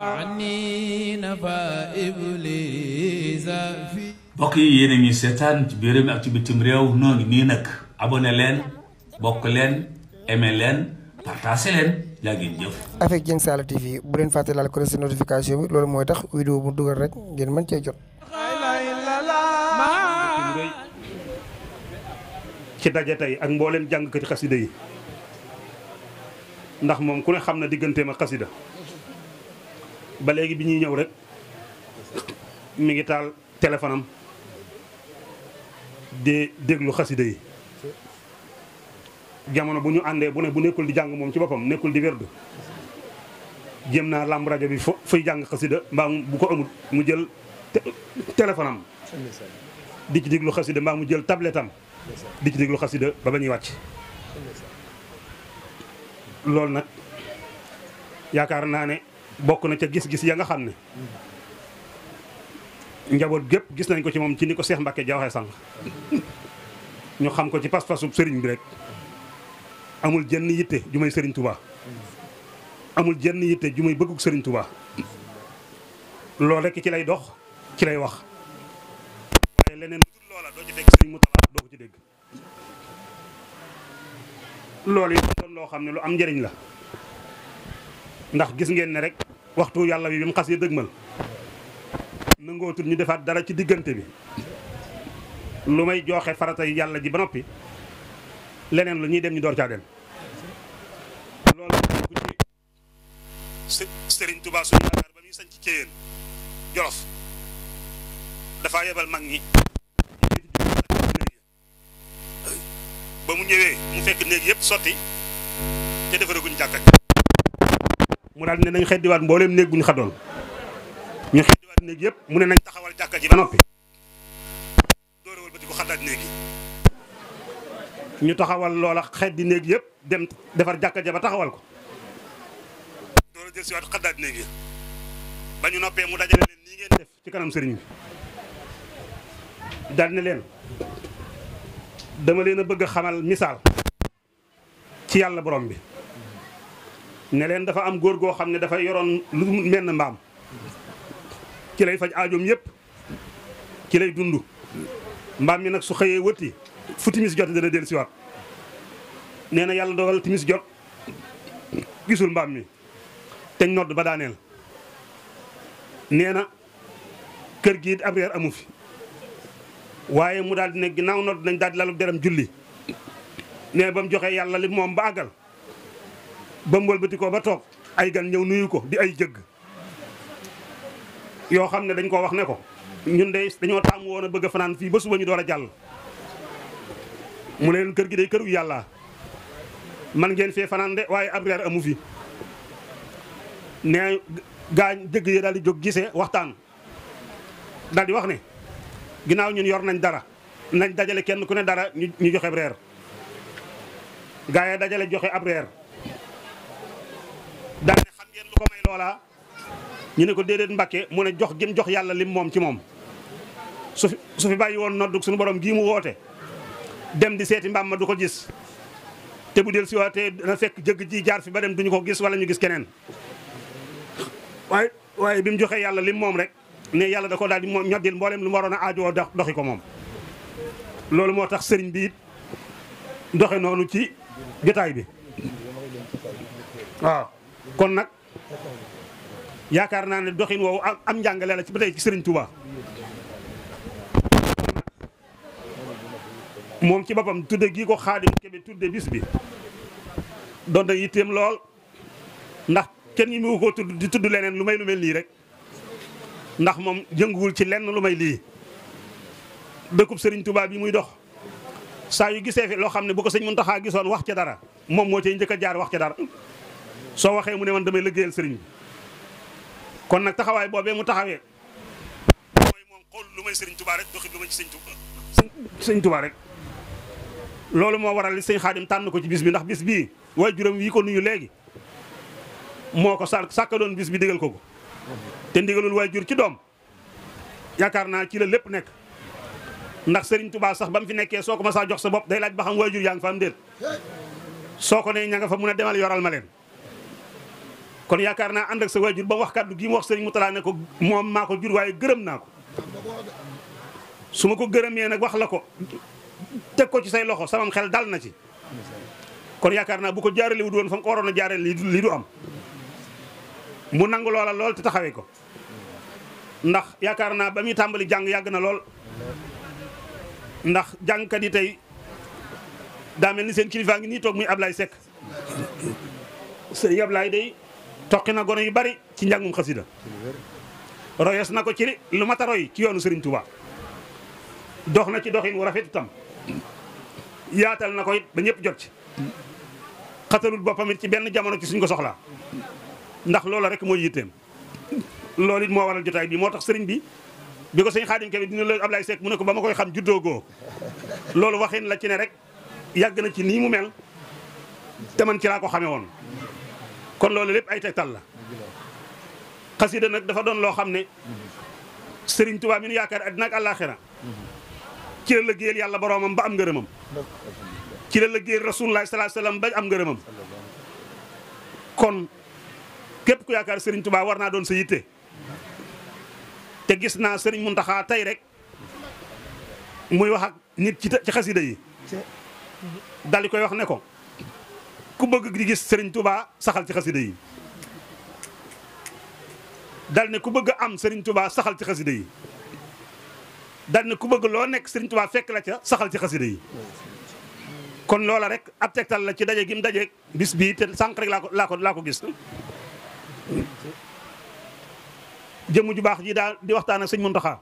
mbokk yi yéen a seetaan ci biir réew mi ak ci bitim réew noo ngi nii nag abonné leen bokk leen aimé leen partagé leen jaa jëf. avec Dieng Saala TV bu leen fàtte laal ko si notification bi loolu mooy tax vidéo bu dugal rek ngeen mën cee jot. ci daje tey ak mboolem jàngkati xasida yi ndax moom ku ne xam na digganteem ak xasida ba léegi bi ñuy ñëw rek mu ngi taal téléphone am di déglu xasida yi jamono bu ñu àndee bu ne bu nekkul di jàng moom ci boppam nekkul di werdu jéem naa làmb rajo bi fo fuy jàng xasida mbaa bu ko amul mu jël téléphone am di ci déglu xasida mbaa mu jël tablette di ci déglu xasida ba ba ñuy wàcc loolu nag yaakaar naa ne bokk na ca gis-gis ya nga xam ne njaboot gépp gis nañ ko ci moom ci ni ko Seex Mbàkke ja waxee sànq ñu xam ko ci pas-pasub sëriñ bi rek amul jenn yitte ju may sëriñ Touba amul jenn yitte ju may bëggug sëriñ Touba loolu rek ci lay dox ci lay wax waaye leneen lu dul loola doo ci dégg sëriñ mu talaat doo ko ci dégg loolu yi doon loo xam ne lu am njëriñ la ndax gis ngeen ne rek waxtu yàlla bi bi mu xasee dëgmal nangootul ñu defaat dara ci diggante bi lu may joxe farata yàlla ji ba noppi leneen lu ñuy dem ñu door caa dem loolu ku ci sëriñ Tuubaa ba muy sañ ci céyeen Jolof dafa yebal mag ñi ba mu ñëwee mu fekk néeg yëpp sotti te defaraguñ jàkka mu dal ne nañ xeddi wat mbolem neeg buñ xadon ñu wat neeg yëpp mu ne nañ taxawal jakka ji ba doore wol ba di ko xaddaat ñu taxawal lola xeddi neeg yëpp dem defar jakka ji ba taxawal ko doore jël siwaat xaddaat néeg yi ya. bañu noppé mu dajale len ni ngeen def ci kanam sëriñ bi ne len dama leena bëgg xamal misal ci yalla borom bi ne leen dafa am góor goo xam ne dafa yoroon lu menn mbaam ci lay faj aajoom yépp ci lay dund mbaam mi nag su xëyee wëtti fu timis jot dana dellu siwaat nee na yàlla dogal timis jot gisul mbaam mi teñ nodd ba daaneel nee na kër gi it ab reer amu fi waaye mu daal di ne ginnaaw nodd nañ daal di lalu deram julli nee ba mu joxee yàlla li moom ba àggal ba mu wëlbati ko ba toog ay gan ñëw nuyu ko di ay jëgg yoo xam ne dañ koo wax ne ko ñun de dañoo taamu woon a bëgg a fanaan fii ba suba ñu door a jàll mu leen kër gi day këru yàlla man ngeen fee fanaan de waaye ab reer amu fi ne gaañ jëgg yi daal di jóg gisee waxtaan daal di wax ne ginnaaw ñun yor nañ dara nañ dajale kenn ku ne dara ñu joxe ab gaa yi dajale joxe ab reer ko may loola ñu ne ko déedéet Mbàkke mu ne jox gim jox yàlla lim moom ci moom su fi su fi bàyyi woon noddu suñu borom gii mu woote dem di seeti mbaam ma du ko gis te bu del si waatee dana fekk jëgg ji jaar fi ba dem duñu ko gis wala ñu gis keneen waaye waaye bi mu joxee yàlla lim moom rek ne yàlla da ko daal di moom ñoddil mboolem lu mu waroon a aajowoo doxi ko moom loolu moo tax sëriñ bi it doxe noonu ci jotaay bi waaw kon nag yaakaar naa ne doxin woowu am njàngale la ci ba tey ci Serigne moom ci boppam tudd gii ko Xaadim Kebe tudde bis bi doon na yitteem lool ndax kenn yi mu ko tudd di tudd leneen lu may lu mel nii rek ndax moom jënguwul ci lenn lu may lii dëkkub Serigne Touba bi muy dox saa yu gisee fi loo xam ne bu ko sëñ Muntaxa gisoon wax ca dara moom moo cay njëkk jaar wax ca dara soo waxee mu ne man damay liggéeyal sëriñ bi kon nag taxawaay boobee mu taxawee mooy moom xool lu may sëriñ tubaa rek doxit lu may ci loolu moo waral li sëñ xaadim tànn ko ci bis bi ndax bis bii waaye juróom yi ko nuyu léegi moo ko sàkk sàkkaloon bis bi digal ko ko te ndigalul waay jur ci doom yaakaar naa ci la lépp nekk ndax Serigne Touba sax ba mu fi nekkee soo ko ma saa jox sa bopp day laaj ba xam waajur yaa ngi fa am déet soo ko ne ña nga fa mun a demal yoral ma leen kon yakarna anda ak sa wajur ba wax kaddu gi mu wax serigne Moutala ne ko mom mako ko jur waye geureum nako ko su ma ko gërëmee nag wax lako tek ko ci say loxo samam xel dal na ci kon yakarna bu ko jaarale wud won fam ko warona jaarale du am mu nang lola lol te taxawé ko ndax yakarna naa tambali jang yag na lol ndax jang ka di tay da melni sen kilifa ngi ni tok muy Ablaye sek serigne Ablaye day toqi na gone yu bari ci njàngum xasida royes na ko ci lu mat a roy ci yoonu Serigne Touba dox na ci doxin wu rafet itam yaatal na ko it ba ñëpp jot ci xatalul boppam it ci benn jamono ci suñ ko soxla ndax loolu rek mooy yitteem loolu it moo waral jotaay bii moo tax sëriñ bi bi ko sëñ Xaadim Kebe dina la Ablaye Seck mu ne ko ba ma koy xam juddoogoo loolu waxin la ci ne rek yàgg na ci nii mu mel te man ci laa ko xame woon kon loolu lépp ay tegtal la xasida nag dafa doon loo xam ne sëriñ Tuubaa mi yaakaar àddina ak àllaaxira ci la liggéeyal yàlla boroomam ba am ngërëmam ci la liggéeyal rasuulullaahi sallallaahu alayhi wa sallam ba am ngërëmam kon képp ku yaakaar sëriñ tubaa war naa doon sa yitte te gis naa sëriñ Muntaxa tey rek muy wax ak nit ci ci xasida yi dal di koy wax ne ko ku bëgg di gis Serigne Touba saxal ci xasida yi dal ne ku bëgg am Serigne Touba saxal ci xasida ne ku bëgg loo nekk Serigne tubaa fekk la ca saxal ci xasida yi kon loola rek ab tegtal la ci daje gi mu daje bis bii te sànq rek laa ko laa ko laa ko gis. jëmm ju baax ji daal di waxtaan ak sëñ Mountakha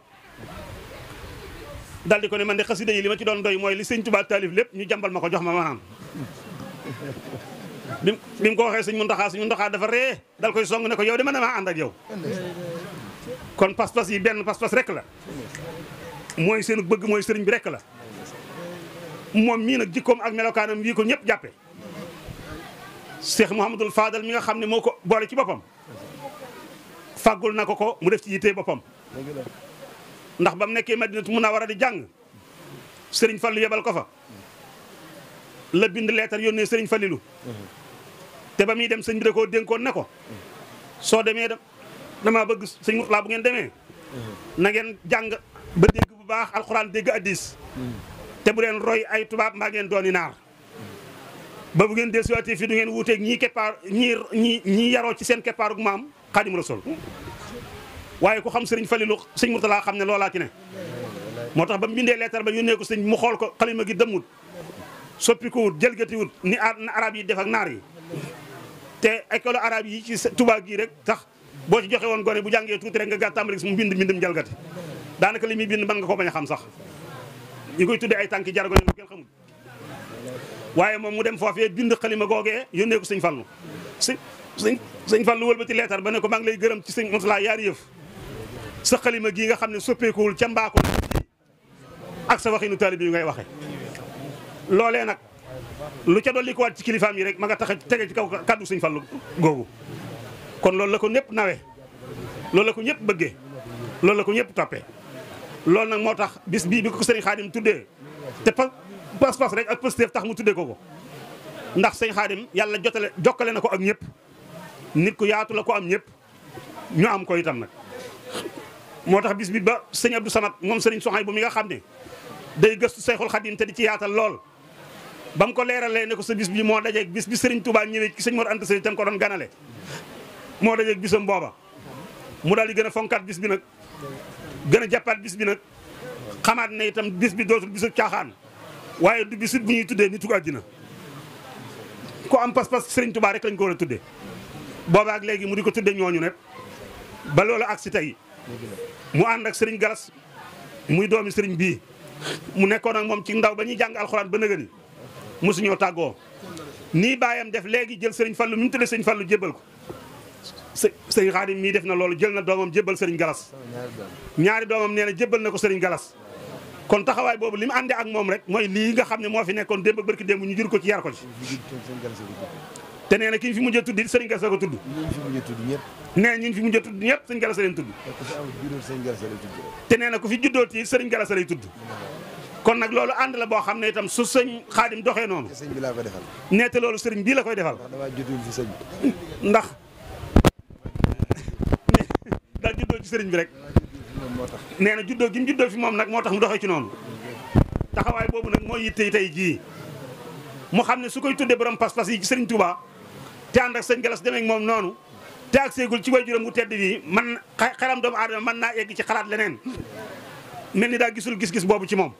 dal di ko ne man de xasida yi li ma ci doon doy mooy li sëñ Touba taalif lépp ñu jàmbal ma ko jox ma maanaam. bi bi mu ko waxee sëñ Muntaxa sëñ Muntaxa dafa ree dal koy song ne ko yow de ma damaa ànd ak yow kon pas yi benn pas rek la mooy seen bëgg mooy sëriñ bi rek la moom mii nag jikkoom ak melokaanam yii ko ñëpp jàppe Cheikh Mouhamadul Fadal mi nga xam ne moo ko boole ci boppam fàggul na ko ko mu def ci yitte boppam ndax ba mu nekkee Madinatu Munawara di jàng sëriñ fal Fallu yebal ko fa la bind leetar yónnee sëriñ Falilou te ba muy dem sëñ bi da koo dénkoon ne ko soo demee da damaa bëgg sëñ Murtala bu ngeen demee na ngeen jàng ba dégg bu baax alxuraan dégg addis te bu leen roy ay tubaab mbaa ngeen dooni naar ba bu ngeen desuwaatee fii du ngeen wuuteeg ñii keppaar ñii ñii ñii yaroo ci seen keppaarug maam xaadim rasul waaye ku xam sëriñ Falilou sëñ Murtala xam ne loolaa ci moo tax ba mu bindee leetar ba yónnee ko sëñ mu xool ko xalima gi dëmmut soppi ko wut jëlgati wut ni arab yi def ak naar yi te école arab yi ci tubaab gii rek tax boo ci joxe woon gone bu jàngee tuuti rek nga gàtt tàmbali mu bind mbindum jalgati daanaka li muy bind mën nga ko bañ a xam sax ñu koy tuddee ay tànki jargoñ lu kenn xamul waaye moom mu dem foofee bind xalima googee yónnee ko sëñ Fallu sëñ sëñ sëñ Fallu wëlbati leetar ba ne ko maa ngi lay gërëm ci sëñ Moussa yaari yëf sa xalima gii nga xam ne soppeekuwul ca mbaakoo ak waxe loolee nag lu ca dolli ko waat ci kilifaam yi rek ma nga tax a tege ci kaw kàddu sëñ Fallu googu kon loolu la ko ñëpp nawe loolu la ko ñëpp bëggee loolu la ko ñëpp toppee loolu nag moo tax bis bii bi ko sëriñ Xaadim tuddee te pas-pas rek ak tax mu tuddee ko ko ndax sëñ Xaadim yàlla jotale jokkale na ko ak ñëpp nit ku yaatu la ko am ñëpp ñu am ko itam nag moo tax bis bi ba sëñ Abdou Samad moom sëriñ Soxay bu mi nga xam ne day gëstu Seexul Xaadim te di ci yaatal lool ba mu ko leeralee ne ko sa bis bi moo dajeeg bis bi Serigne Touba ñëwee ci sëñ Mor Anta Sali tam ko doon ganale moo dajeeg bisam booba mu daal di gën a fonkaat bis bi nag gën a bis bi nag xamaat ne itam bis bi dootul bisu caaxaan waaye du bisu bu ñuy tuddee ni tug àddina ko am pas-pas Serigne rek lañ ko a tuddee booba ak léegi mu di ko tuddee ñooñu nag ba loolu ak tey mu ànd ak Serigne muy doomi Serigne bii mu nekkoon ak moom ci ndaw ba ñuy jàng alxuraan ba nëgëni mosuñoo tàggoo nii baayam def léegi jël sëriñ fallu mi ñu tuddee sëriñ fallu jébbal ko së sëriñ xaadim mii def na loolu jël na doomam jébbal sëriñ galas ñaari doomam nee na jébbal na ko sëriñ galas kon taxawaay boobu li mu àndee ak moom rek mooy lii nga xam ne moo fi nekkoon démb barki ñu jur ko ci yar ko na ki ñu fi mujjee tudd it sëriñ galas ko tudd nee ñun fi mujjee tudd ñëpp sëriñ galas leen tudd te nee na ku fi juddoo ci sëriñ galas lay tudd kon nag loolu ànd la boo xam ne itam su sëñ xaadim doxee noonu. sëñ bi laa koy defal. nee loolu sëriñ bii la koy defal. ndax damaa juddul ci sëñ bi. ndax daa juddoo ci sëriñ bi rek. nee na juddoo gi mu juddoo fi moom nag moo tax mu doxee ci noonu. taxawaay boobu nag moo yitte tey jii mu xam ne su koy tuddee borom pas-pas yi ci sëriñ Touba te ànd ak sëñ Galas demee moom noonu te ak seegul ci waajuram wu tedd bi man xelam doomu aadama mën naa egg ci xalaat leneen mel ni daa gisul gis-gis boobu ci moom.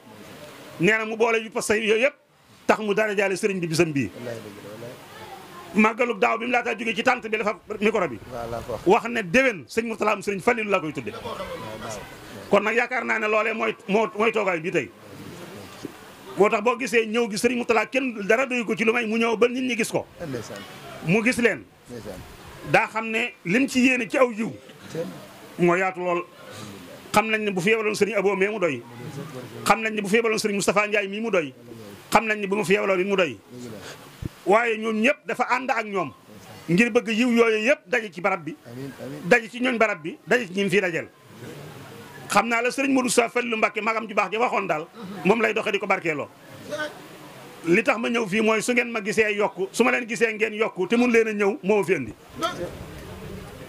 nee na mu boole yu pastay yooyu yëpp tax mu dara jaale sëriñ bi bisam bii màggalug daaw bi mu laataa jógee ci tànt bi dafa micro bi wax ne déwén sëñ Mourtala am sëriñ Falilu laa koy tudde kon nag yaakaar naa ne loolee mooy moo mooy toogaay bi tey moo tax boo gisee ñëw gi sëriñ Mourtala kenn dara doyu ko ci lu may mu ñëw ba nit ñi gis ko mu gis leen daa xam ne lim ci yéene ci aw jiw moo yaatu lool xam nañ ne bu fi yebaloon sëriñ Abo mee mu doy xam nañ ne bu fi yebaloon sëriñ Moustapha Ndiaye mii mu xam nañ ne bu fi yebaloon it mu ñëpp dafa ànd ak ñoom ngir bëgg yooyu yëpp daje ci barab bi daje ci ñooñ barab bi daje ci ñim fii xam naa la sëriñ Modou Sa Fallu Mbàkke magam ju baax ja waxoon daal moom lay doxee di ko barkeeloo li tax ma ñëw fii mooy su ngeen ma gisee yokk su ma leen gisee ngeen yokku te mun leen a ñëw moo ma fi andi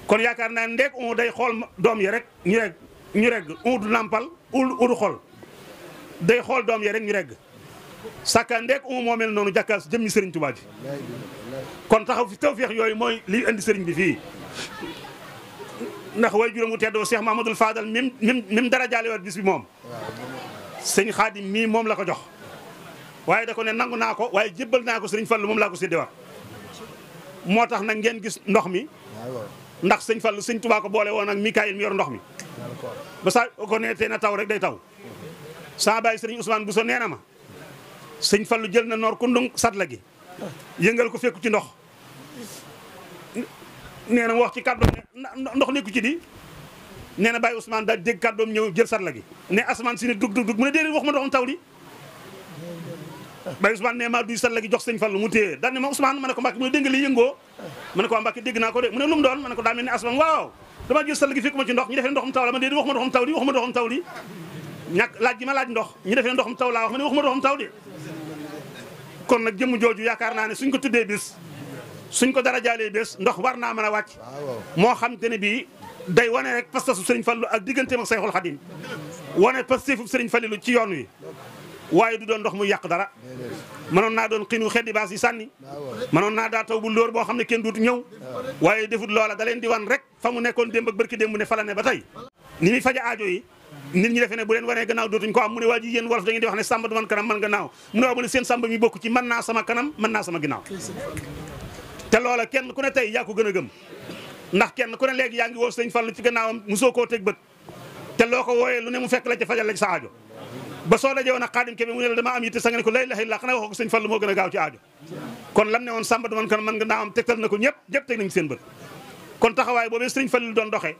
kon yaakaar naa ndeeg on day xool doom yi rek ñu regg uut nampal ul ul xol day xool doom ya rek ñu regg sàkka ndeek umu moo mel noonu jàkkaas jëmmi sëriñ Tuubaa ji kon taxaw fi tawféex yooyu mooy liy indi sëriñ bi fii ndax way juróom wu teddoo Cheikh Mahamadul Fadal mim mim mim dara jaale waat bis bi moom sëñ Xaadim mii moom la ko jox waaye da ko ne nangu naa ko waaye jébbal naa ko sëriñ Fallu moom laa ko séddewaat moo tax nag ngeen gis ndox mi ndax sëñ Fallu sëñ Tuubaa ko boole woon ak Mikaayil mi ndox mi ba sa ko neete na taw rek day taw sa bay serigne Ousmane Bousso nee na ma Fallu jël na noor kundung satla gi yeengal ko fekku ci ndox neena wax ci kàddoom ndox ci di neena bay Baye Ousmane deg dégg kàddoom ñëw jël satla gi ne asman sini dug dug dug mu ne déedéet wax ma ndoxam taw li bay Ousmane ne du duy satla gi jox serigne Fallu mu teye dal ne ma Ousmane mané ko Mbàkke mu deeng li yeengo mané ko waa Mbàkke na ko de mu ne lu mu doon mané ko da melni asman waaw dama jël sall gi fekk ci ndox ñu defee ndoxum taw la ma dee di waxuma ndoxum taw waxuma ndoxum taw di ñàkk laaj gi ma laaj ndox ñu defee ndoxum taw laa wax ma ne waxuma ndoxum taw di kon nag jëmm jooju yaakaar naa ne suñ ko tuddee bés suñ ko dara jaalee bés ndox war naa man a wàcc moo xam te ne bii day wane rek pastasu Serigne Fallou ak digganteem ak Seexul Xadim wane pastefu Serigne Fallou ci yoon wi waaye du doon ndox muy yàq dara manoon naa doon xiinu xeddi baas yi sànni manoon naa daa taw bu loor boo xam ne kenn duutu ñëw waaye defut loola da leen di wan rek fa mu nekkoon démb ak barki démb ne fa ne ba tey ni muy faja aajo yi nit ñi defee bu leen wanee gannaaw dootuñ ko am mu ne waa ji yéen wolof da ngeen di wax ne sàmba du man kanam man gannaaw mu ne waa mu ne seen sàmba mi bokk ci mën naa sama kanam mën naa sama gannaaw te loola kenn ku ne tey yaa ko gën a gëm ndax kenn ku ne léegi yaa ngi woo sëñ Fallu ci gannaawam musoo koo teg bët te loo ko wooyee lu ne mu fekk la ca fajal la sa aajo ba soo dajee a ak xaadim kebe mu ne la dama am yitte sa nga ne ko la ilaha illa xanaa waxoo ko sëñ Fallu moo gën a gaaw ci aajo kon lam ne woon sàmba man kon man nga naa am tegtal na ko ñëpp ñëpp teg nañ seen bët kon taxawaay boobu sëriñ Fallu doon doxee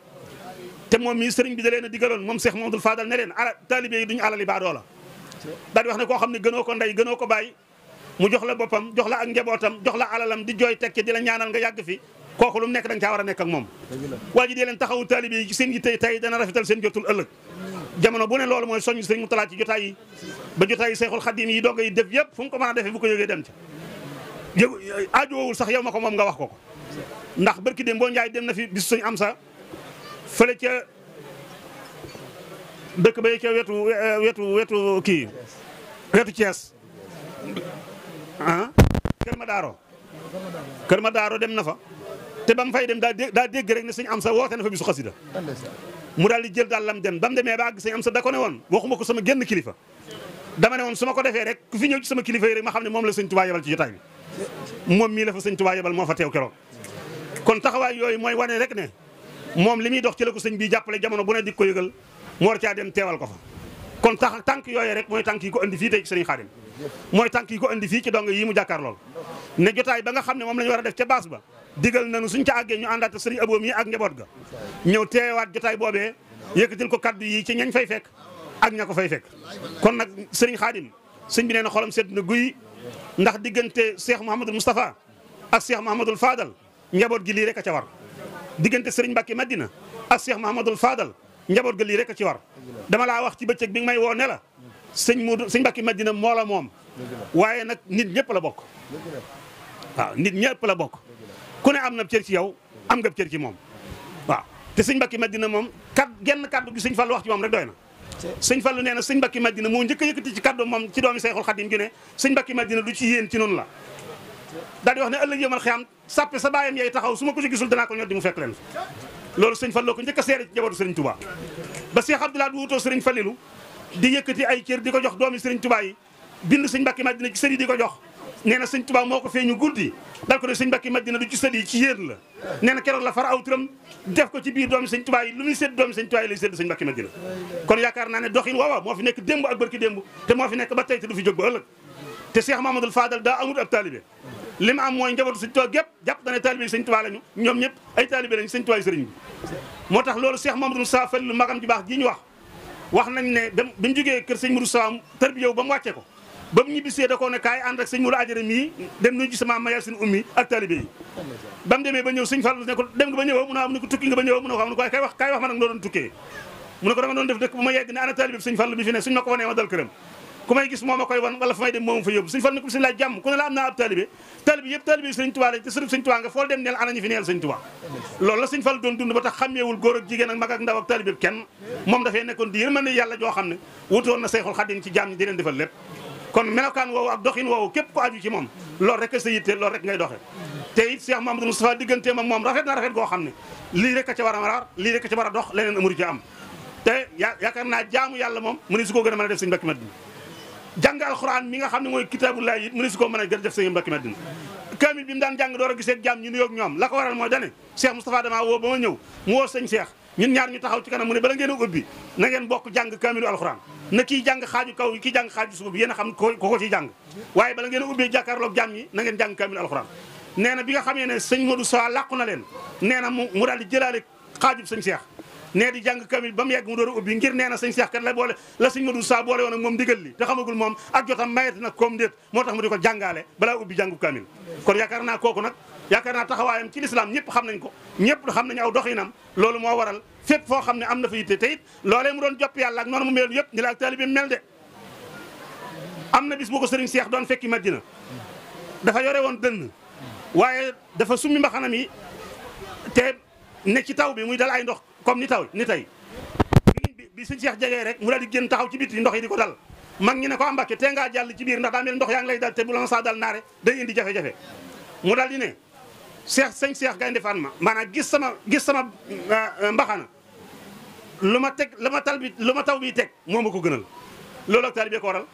te moom mii sëriñ bi da leen a digaloon moom Cheikh Mamadou Fadal ne leen ala taalibe yi duñu alali baadoo la daal di wax ne koo xam ne gënoo ko ndey gënoo ko bàyyi mu jox la boppam jox la ak njabootam jox la alalam di jooy tekki di nga yàgg fi nekk da nga caa war a moom waa ji dee leen taxawu seen yitte tey jamono bu ne loolu mooy soññ sëñ Moutalla ci jotaay yi ba jotaay yi Seexul Xadim yi doog yi def yëpp fu mu ko mën defee bu ko yógee dem ci yow aajowul sax yow ma ko nga wax ko ko ndax barki dem boo njaay dem na fi bis am sa fële ca dëkk ba ca wetu wetu wetu kii wetu Thiès ah ma Madaaro Kër daaro dem na fa te ba mu fay dem daa dégg rek ne suñ am sa woote na fa bisu xasida mu daal di jël dàllam dem ba mu demee ba àgg sëñ am sa da ko ne woon waxuma ko sama génn kilifa dama ne woon su ma ko defee rek ku fi ñëw ci sama kilifa yi rek ma xam ne moom la sëñ Tuubaa yebal ci jotaay bi moom mii la fa sëñ Tuubaa yebal moo fa teew keroog kon taxawaay yooyu mooy wane rek ne moom li muy dox ci la ko sëñ bii jàppale jamono bu ne di ko yëgal mu war caa dem teewal ko fa kon tax tànk yooyu rek mooy tànk yi ko indi fii tey ci sëriñ Xaadim mooy tànk yi ko indi fii ci dong yi mu jàkkaar lool ne jotaay ba nga xam ne moom la ñu war a def ca baas ba digal nañu suñ ci agge ñu andat serigne abou mi ak njabot ga ñew téewat jotaay bobé yëkëtil ko kaddu yi ci ñañ fay fekk ak ñako fay fekk kon nak serigne khadim serigne bi neena xolam set na guuy ndax digënté Cheikh mohammed mustafa ak Cheikh Mouhamadul Fadal njabot gi li rek ci war digënté serigne Mbacke Madina ak Cheikh Mouhamadul Fadal njabot gi li rek ci war dama la wax ci bëccëg bi ngi may wo ne la sëñ Moudou sëñ Mbacke Madina la mom waye nak nit ñepp la bok waaw nit ñepp la bok ku ne am na cër ci yow am nga cër ci moom waaw te sëñ Mbacke Madina moom kat genn kaddu gi sëñ Fallou wax ci moom rek doy na sëñ Fallou nee na sëñ Mbacke Madina moo njëkk a yëkkati ci kaddu moom ci doomi Seexul Xadim gi ne sëñ Mbacke Madina du ci yéen ci noonu la daal wax ne ëllëg yëmal xiyam sàppe sa baayam yay taxaw su ma ko ci gisul danaa ko ñor di mu fekk leen loolu sëñ Fallou ko njëkk a seere ci njabootu sëriñ Touba ba Cheikh Abdoulaye wuutoo sëriñ di ay cër di ko jox doomi sëriñ Touba yi bind sëñ Mbacke Madina ci sëriñ di ko jox nee na sëñ Tuubaa moo ko feeñu guddi dal ko def sëñ Mbàkke Madina du ci sët yi ci yéen la nee na keroog la far aw turam def ko ci biir doomi sëñ Tuubaa yi lu muy sedd doomi sëñ Tuubaa yi lay sedd sëñ Mbàkke Madina kon yaakaar naa ne doxin woowa moo fi nekk démb ak barki démb te moo fi nekk ba tey te du fi jóg ba ëllëg te Cheikh Mamadou Fadal daa amul ab taalibe li ma am mooy njabootu sëñ Tuubaa gépp jàpp na ne taalibe yi sëñ Tuubaa lañu ñoom ñëpp ay taalibe lañu sëñ Tuubaa yi sëriñ bi moo tax loolu Cheikh Mamadou Moussa Fallu magam ju baax ji ñu wax wax nañ ne ba mu jógee kër sëñ Mourou Sam tarbiya ba mu wàccee ko bam ñibi sé da ko ne kay ànd ak sëñ Mourou Adjara mii dem ñu gis sama mayal suñu ummi ak talibé bam démé ba ñëw sëñ fallu ne ko dem nga ba ñew mu na am ne ko tukki nga ba ñew mu na xam am ne ko kay wax kay wax ma nag noo doon tukkee mu ne ko da nga doon def dëkk bu ma yegg ne ana talibé sëñ fallu mi fi ne señ ma wone ma dal kërëm ku may gis moma koy won wala fay dem moom fa yob sëñ fallu ne ko sëñ la jàmm ku ne la am na ab talibé talibé yëpp talibé sëñ Touba lay te sërëb sëñ Touba nga fo dem neel ana ñu fi neel sëñ Touba loolu la sëñ fallu doon dund ba tax xàmmeewul góor ak jigen ak mag ak ndaw ak talibé kenn mom da fay nekkon di yermane yàlla jo xamne wutoon na Seexul Xadiim ci jamm di len defal lépp kon melokaan woowu ak doxin woowu képp ko aju ci moom loolu rek sa yitte loolu rek ngay doxe te it Cheikh Mamadou Moustapha digganteem ak moom rafet na rafet goo xam ne lii rek a ca war a raar lii rek a ca war a dox leneen amuru ci am te yaakaar naa jaamu yàlla moom mu ne su gën a mën a def sëñ Mbàkke Madina jàng alxuraan mi nga xam ne mooy kitaabullaah it mu ne su koo mën a gën a def sëñ Mbàkke Madina kaamil bi mu a gisee jaam ñu nuyoog ñu taxaw ci kanam mu ne bala ngeen a ngeen bokk jàng kaamilu alxuraan na kii jàng xaaju kaw kii jàng xaaju suba bi yéen a xam ko ko ciy jàng waaye bala ngeen a ubbee jàkkaarloog jàmm ñi na ngeen kaamil alxuraan nee na bi nga xamee ne sëñ Modou Sow làqu na leen nee na mu mu daal di jëlaale xaajub sëñ Cheikh nee di jàng kaamil ba mu yegg mu door a ubbi ngir nee na sëñ Cheikh kat la boole la sëñ Modou Sow boole woon ak moom ndigal li te xamagul moom ak jotam mayet nag comme déet moo tax mu di ko jàngaale balaa ubbi jàngu kaamil kon yaakaar naa kooku nag yaakaar taxawayam ci l'islam ñëpp xam nañ ko ñëpp xam nañ aw doxinam loolu mo waral fépp fo xamne amna fi yitte te it loolee mu doon jop yàlla ak noonu mu mel yëpp ni la talibi mel de amna bis bu ko serigne cheikh doon fekki medina dafa yore won dënn waye dafa summi mbaxanam yi te ne ci taw bi muy dal ay ndox comme ni taw ni tay bi serigne cheikh jégué rek mu la di génn taxaw ci biti ndox yi diko dal mag ñi ne ko ambake te nga jàll ci biir ndax da mel ndox yaa ngi lay dal te bu la sa dal naare day indi jafe-jafe mu dal di ne seex sëñ seex gaynde ma maanaam gis sama gis sama euh, euh, mbaxana lu ma teg lu ma tal bi ma taw bi teg moo ma ko gënal loolu ak taalibe ko waral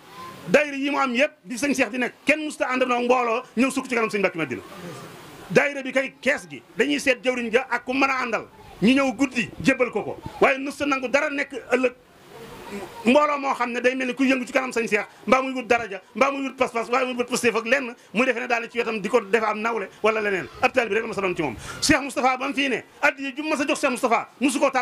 daayira yi mu am yëpp di sëñ seex di nekk kenn musta ànd noo mbooloo ñëw sukk ci kanam sëñ Mbàkke Madina daayira bi kay kees gi dañuy seet jëwriñ ja ak ku mën a àndal ñu ñëw guddi jébbal ko ko waaye musta nangu dara nekk ëllëg mbooloo moo xam ne day mel ni kuy yëngu ci kanam sañ seex mbaa muy wut daraja mbaa muy wut pas mbaa muy wut positif ak lenn muy defe ne daal ci wetam di ko defe am nawle wala leneen ab taal bi rek la sa doon ci moom Cheikh Moustapha ba fii ne addiye ju ma sa jox Cheikh Moustapha mu sëgg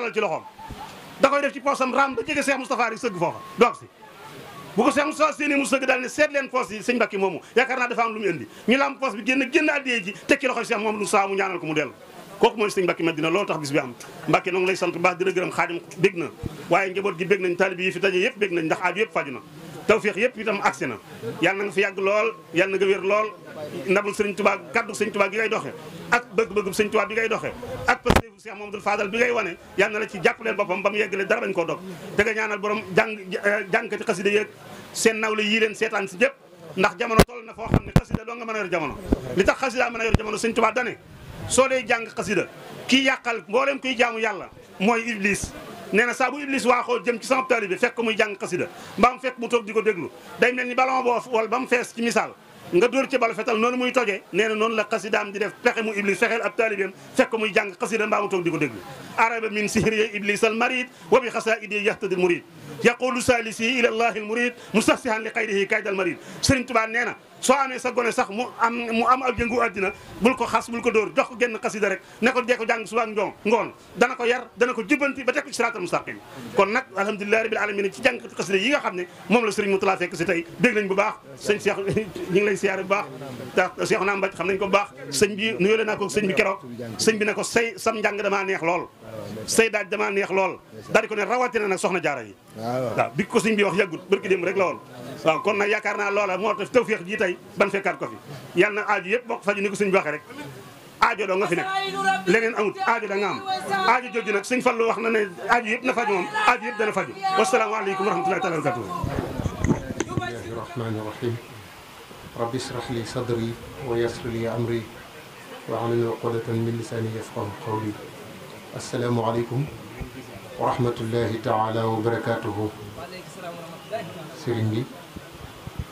daal ne seet leen poos yi sëñ moomu yaakaar naa dafa am lu mu indi ñu lam poos bi génn génn addiye ji tekki loxoy Cheikh moom lu saa mu ñaanal ko mu dellu kooku mooy sëñ Mbacke Madina loolu tax bis bi am Mbacke noonu lay sant baax di la gërëm xaadim bég na waaye njaboot gi bég nañ taalib yi fi daje yëpp bég nañ ndax aaju yëpp faju na tawféex yëpp itam agsi na yàlla na nga fi doxe ak bëgg-bëgg sëriñ Tuubaa bi doxe ak parce que Cheikh Mamadou Fadal bi wane yàlla na la ci jàppaleen boppam ba mu yeggale dara bañ koo dog te ñaanal borom jàng jàngkati xasida yéeg seen nawle yii leen seetaan si jëpp ndax jamono a yor jamono li a soo dee jàng ki kii yàqal mboolem kuy jaamu yàlla mooy iblis nee na saa bu iblis waaxoo jëm ci sama taalibe bi fekk muy jàng xasida mbaam fekk mu toog di ko déglu day mel ni ballon boo wala ba mu fees ci misaal nga dóor ci bal fetal noonu muy tojee nee noon noonu la xasidaam di def pexe mu iblis fexeel ab taalibeem fekk muy jàng xasida mbaa mu toog di ko déglu araba min sihriya iblis al marid wa bi xasaidi yahtadi al yaqulu salisihi ila allahi al murid musassihan li xayrihi kaydal marid Sëriñ Tuubaa nee na soo amee sa gone sax mu am mu am ak yëngu àddina bul ko xas bul ko dóor jox ko genn xasida rek ne ko dee ko jàng suba ak njoon ngoon dana ko yar dana ko jubbanti ba teg ko ci siraatal mustaqim kon nag alhamdulilahi rabbil alamin ci jàng xasida yi nga xam ne moom la sëriñ Mutala fekk si tey dégg nañ bu baax sëñ Cheikh ñu ngi lay siyaare bu baax tax Cheikh naa mbaj xam nañ ko bu baax sëñ bi nuyoo naa ko sëñ bi keroog sëñ bi ne ko say sam njàng damaa neex lool sëy daaj damaa neex lool daal di ko ne rawatina nag soxna jaara yi waaw bi ko sëñ bi wax yàggut barki dem rek la woon waaw kon nag yaakaar naa loola moo tax tawféex ji tey ban fekkaat ko fi yàlla na aaju yëpp bokk faju ni ko sëñ bi waxee rek aajo doo nga fi nekk leneen amut aajo da nga am aajo jooju nag sëñ Fallu wax na ne aajo yëpp na faju moom aajo yëpp dana faju wasalaamaaleykum wa rahmatullahi taala wa barakatuh bismillahi rahmani rahim rabbi israh li sadri wa yassir li amri wa ahlul uqdatan min lisani yafqahu qawli السلام عليكم ورحمة الله تعالى وبركاته سيرينجي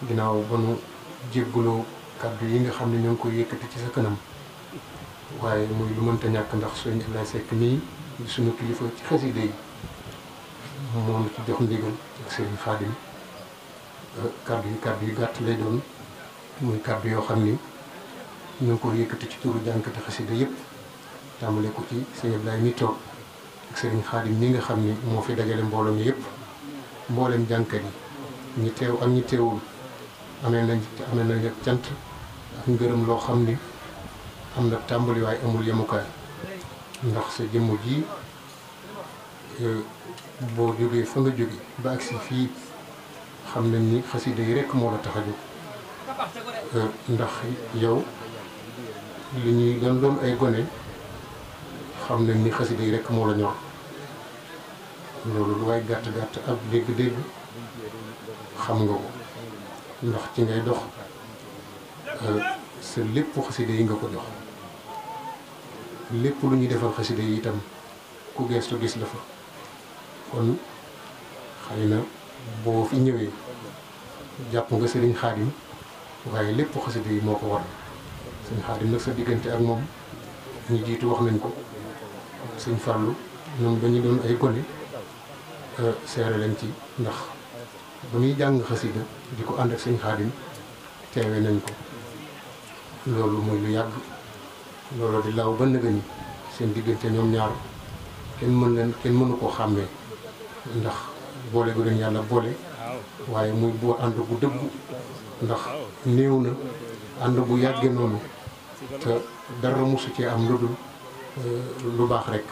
جناو بنو جيبغلو كادو ييغا خامني نانكو ييكتي سي سكنم واي موي لو مونتا نياك ناخ سوين لا سيك مي دي سونو كليفا سي خاسي دي مون تي جوخ ديغل سيرين فادي كادو يي كادو يي غات لي دون موي كادو يو خامني نانكو ييكتي سي تورو جانك تخسي دي ييب tàmbale ko ci sëñ Abdoulaye mi toog ak sëriñ Xaadim ñi nga xam ni moo fi dajale mbooloo mi yëpp mbooleem jànkat yi ñi teew ak ñu teewul amee nañ amee nañ ak cant ak ngërëm loo xam ni am na tàmbaliwaay amul yemukaay ndax sa jëmm ji e, boo jógee fa nga jóge ba agsi fii xam nañ ni xasida yi rekk moo la tax a jóg e, ndax yow li ñuy gën doon ay gone xam na ni xasida yi rek moo la ñor loolu lu waay gàtt gàtt ak dégg-dégg xam nga ko ndax ci ngay dox sa lépp xasida yi nga ko jox lépp lu ñuy defal xasida yi itam ku geestu gis la fa kon xëy na boo fi ñëwee jàpp nga sëriñ xaadim waaye lépp xasida yi moo ko war sëriñ xaadim nag sa diggante ak moom ñu jiitu wax nañ ko sëñ farlu ñoom dañu doon ay koli euh, seere lañ ci ndax ba ñuy jàng xasida di ko ànd ak sëñ Xaadim teewe nañ ko loolu mooy lu yàgg loolu di law ba nëgëni seen diggante ñoom ñaar kenn mën leen kenn mënu koo xàmmee ndax boole gu leen yàlla boole waaye muy boo ànd bu dëggu ndax néew na ànd bu yàggee noonu te dara mosu cee am lu dul Euh, lu baax rek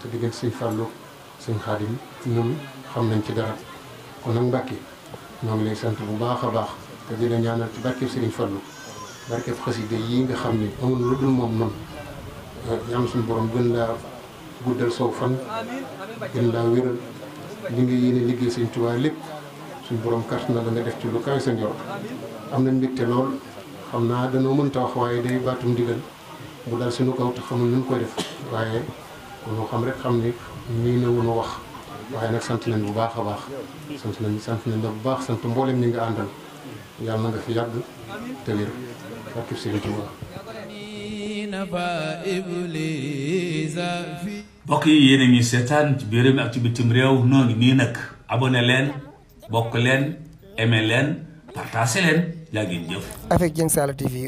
te digg ak sëñ Fallou sëñ Xaadim ñun xam nañ ci dara kon nag Mbàkke ñoo ngi lay sant bu baax a baax te di la ñaanal ci barkeb sëriñ Fallou barkeb xasida yi nga xam ni amul lu dul moom noonu euh, ñaan suñu borom gën laa guddal sow fan gën laa wéral li nga yéene liggéey sëñ Tuubaa lépp suñu borom kart na la nga def ci lu kaay sa njort am nañ mbégte lool xam naa danoo mënta wax waaye day baatum digal mu dal suñu kaw te xamul nu ñu koy def waaye ñu xam rek xam ni nii na wunu wax waaye nag sant nañ bu baax a baax sant nañ sant nañ la bu baax sant mboolem ñi nga àndal yàlla na nga fi yàgg te wér fàkkib sëriñ Tuubaa mbokk yi yéen a ngi seetaan ci biir ak ci bitim réew noo ngi nii nag abone leen bokk leen aimé leen partagé leen jaa ngeen jëf. avec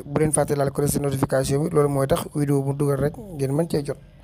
bu leen fàtte laal ko si notification loolu mooy tax vidéo bu dugal rek ngeen mën cee jot.